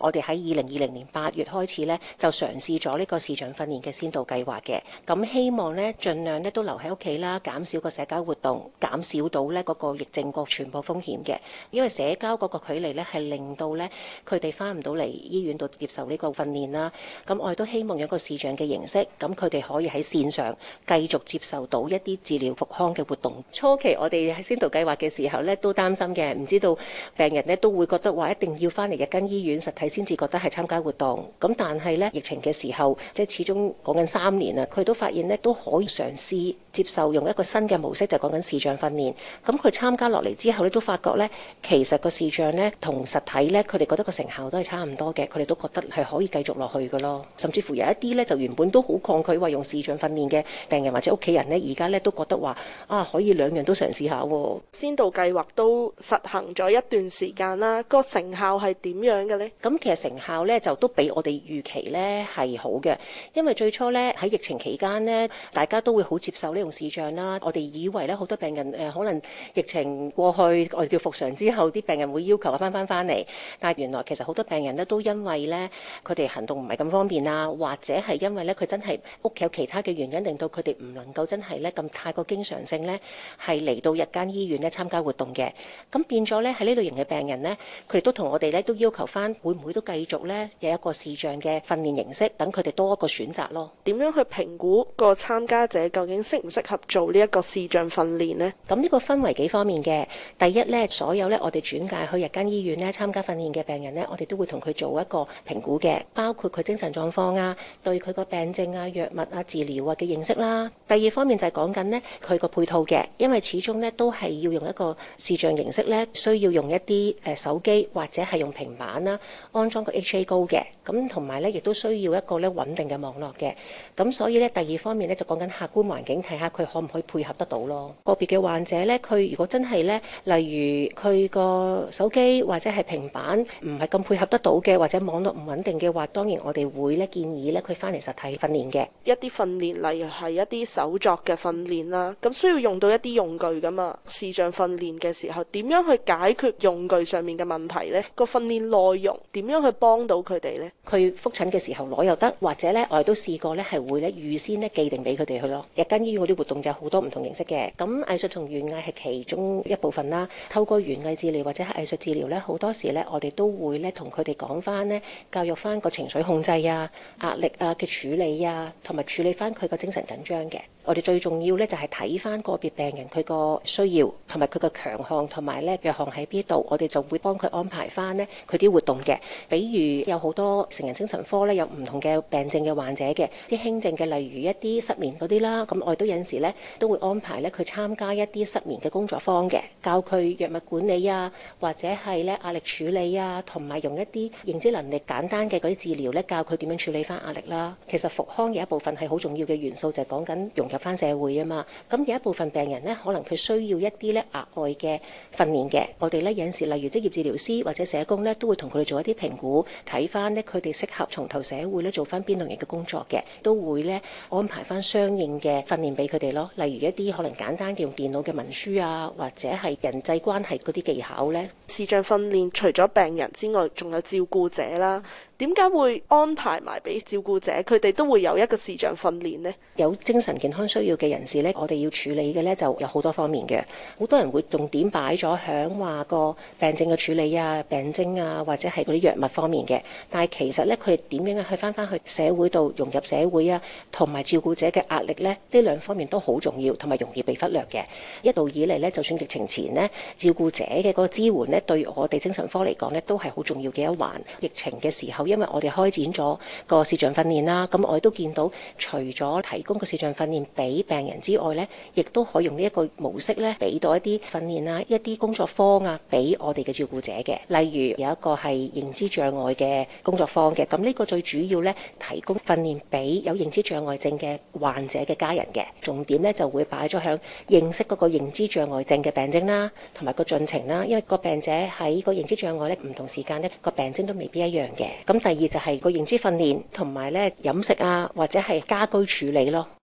我哋喺二零二零年八月開始呢，就嘗試咗呢個視像訓練嘅先導計劃嘅。咁希望呢，盡量呢都留喺屋企啦，減少個社交活動，減少到呢嗰個疫症個傳播風險嘅。因為社交嗰個距離呢，係令到呢佢哋翻唔到嚟醫院度接受呢個訓練啦。咁我哋都希望有個視像嘅形式，咁佢哋可以喺線上繼續接受到一啲治療復康嘅活動。初期我哋喺先導計劃嘅時候呢，都擔心嘅，唔知道病人呢都會覺得話一定要翻嚟一間醫院實體。先至覺得係參加活動咁，但係咧疫情嘅時候，即係始終講緊三年啦。佢都發現咧，都可以嘗試接受用一個新嘅模式，就講緊視像訓練。咁佢參加落嚟之後咧，都發覺咧，其實個視像咧同實體咧，佢哋覺得個成效都係差唔多嘅。佢哋都覺得係可以繼續落去嘅咯。甚至乎有一啲咧，就原本都好抗拒話用視像訓練嘅病人或者屋企人咧，而家咧都覺得話啊，可以兩樣都嘗試下喎。先導計劃都實行咗一段時間啦，個成效係點樣嘅咧？咁其實成效咧就都比我哋預期咧係好嘅，因為最初咧喺疫情期間咧，大家都會好接受呢種視像啦。我哋以為咧好多病人誒、呃、可能疫情過去，我哋叫復常之後，啲病人會要求翻翻翻嚟。但係原來其實好多病人咧都因為咧佢哋行動唔係咁方便啊，或者係因為咧佢真係屋企有其他嘅原因，令到佢哋唔能夠真係咧咁太過經常性咧係嚟到日間醫院咧參加活動嘅。咁變咗咧喺呢類型嘅病人咧，佢哋都同我哋咧都要求翻會唔會？佢都繼續呢有一個視像嘅訓練形式，等佢哋多一個選擇咯。點樣去評估個參加者究竟適唔適合做呢一個視像訓練呢？咁呢個分為幾方面嘅。第一呢，所有呢，我哋轉介去日間醫院呢參加訓練嘅病人呢，我哋都會同佢做一個評估嘅，包括佢精神狀況啊、對佢個病症啊、藥物啊、治療啊嘅認識啦。第二方面就係講緊呢，佢個配套嘅，因為始終呢都係要用一個視像形式呢，需要用一啲誒手機或者係用平板啦。安裝個 HA Go 嘅，咁同埋咧，亦都需要一個咧穩定嘅網絡嘅，咁所以咧第二方面咧就講緊客觀環境，睇下佢可唔可以配合得到咯。個別嘅患者咧，佢如果真係咧，例如佢個手機或者係平板唔係咁配合得到嘅，或者網絡唔穩定嘅話，當然我哋會咧建議咧佢翻嚟實體訓練嘅。一啲訓練，例如係一啲手作嘅訓練啦，咁需要用到一啲用具噶嘛。視像訓練嘅時候，點樣去解決用具上面嘅問題咧？個訓練內容點？點樣去幫到佢哋咧？佢復診嘅時候攞又得，或者咧我哋都試過咧係會咧預先咧寄定俾佢哋去咯。日間醫院嗰啲活動就有好多唔同形式嘅。咁藝術同園藝係其中一部分啦。透過園藝治療或者係藝術治療咧，好多時咧我哋都會咧同佢哋講翻咧，教育翻個情緒控制啊、壓力啊嘅處理啊，同埋處理翻佢個精神緊張嘅。我哋最重要咧，就係睇翻個別病人佢個需要，同埋佢個強項，同埋咧弱項喺邊度。我哋就會幫佢安排翻咧佢啲活動嘅。比如有好多成人精神科咧，有唔同嘅病症嘅患者嘅，啲輕症嘅，例如一啲失眠嗰啲啦。咁我哋都有時咧都會安排咧佢參加一啲失眠嘅工作坊嘅，教佢藥物管理啊，或者係咧壓力處理啊，同埋用一啲認知能力簡單嘅嗰啲治療咧，教佢點樣處理翻壓力啦。其實復康有一部分係好重要嘅元素，就係講緊融翻社會啊嘛，咁有一部分病人咧，可能佢需要一啲咧額外嘅訓練嘅。我哋咧有陣時，例如職業治療師或者社工咧，都會同佢哋做一啲評估，睇翻咧佢哋適合重投社會咧做翻邊類型嘅工作嘅，都會咧安排翻相應嘅訓練俾佢哋咯。例如一啲可能簡單嘅用電腦嘅文書啊，或者係人際關係嗰啲技巧咧。視像訓練除咗病人之外，仲有照顧者啦。點解會安排埋俾照顧者？佢哋都會有一個視像訓練呢。有精神健康需要嘅人士咧，我哋要處理嘅咧就有好多方面嘅。好多人會重點擺咗響話個病症嘅處理啊、病徵啊，或者係嗰啲藥物方面嘅。但係其實咧，佢哋點樣去翻翻去社會度融入社會啊，同埋照顧者嘅壓力咧，呢兩方面都好重要，同埋容易被忽略嘅。一路以嚟咧，就算疫情前呢，照顧者嘅嗰個支援咧，對我哋精神科嚟講咧，都係好重要嘅一環。疫情嘅時候。因為我哋開展咗個視像訓練啦，咁我哋都見到，除咗提供個視像訓練俾病人之外呢，亦都可以用呢一個模式呢，俾到一啲訓練啦，一啲工作坊啊，俾我哋嘅照顧者嘅。例如有一個係認知障礙嘅工作坊嘅，咁呢個最主要呢，提供訓練俾有認知障礙症嘅患者嘅家人嘅。重點呢，就會擺咗響認識嗰個認知障礙症嘅病徵啦，同埋個進程啦。因為個病者喺個認知障礙呢，唔同時間呢，個病徵都未必一樣嘅，咁。第二就係個認知訓練，同埋咧飲食啊，或者係家居處理咯。